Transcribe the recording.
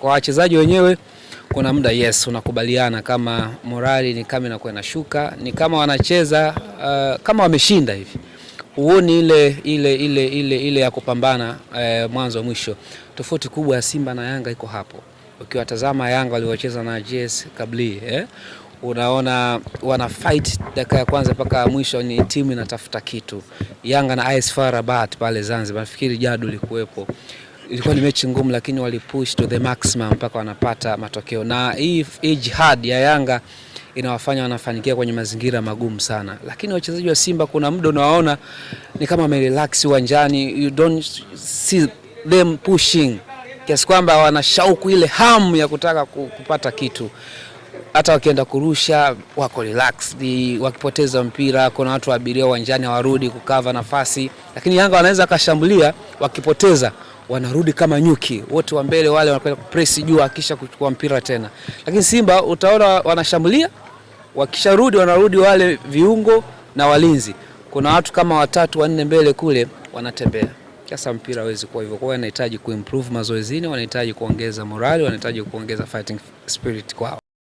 Kwa wachezaji wenyewe kuna muda yes, unakubaliana kama morali ni kama inakuwa inashuka, ni kama wanacheza uh, kama wameshinda hivi huoni ile, ile, ile, ile, ile ya kupambana uh, mwanzo wa mwisho. Tofauti kubwa ya Simba na Yanga iko hapo. Ukiwatazama Yanga waliocheza na JS Kabli eh? Unaona wana fight dakika ya kwanza mpaka mwisho, ni timu inatafuta kitu. Yanga na AS FAR Rabat pale Zanzibar, nafikiri jadu likuwepo ilikuwa ni mechi ngumu, lakini walipush to the maximum mpaka wanapata matokeo, na hii hii jihad ya Yanga inawafanya wanafanikia kwenye mazingira magumu sana, lakini wachezaji wa Simba kuna muda unawaona ni kama wamerelax uwanjani, you don't see them pushing kiasi kwamba wana shauku ile hamu ya kutaka kupata kitu. Hata wakienda kurusha wako relaxed, wakipoteza mpira kuna watu wa abiria uwanjani hawarudi kukava nafasi, lakini Yanga wanaweza wakashambulia wakipoteza wanarudi kama nyuki wote wa mbele wale wanakwenda kupress juu, akisha kuchukua mpira tena. Lakini Simba utaona wanashambulia, wakisharudi wanarudi wale viungo na walinzi, kuna watu kama watatu wanne mbele kule wanatembea. Sasa mpira hawezi kuwa hivyo, kwa hiyo wanahitaji kuimprove mazoezini, wanahitaji kuongeza morali, wanahitaji kuongeza fighting spirit kwao.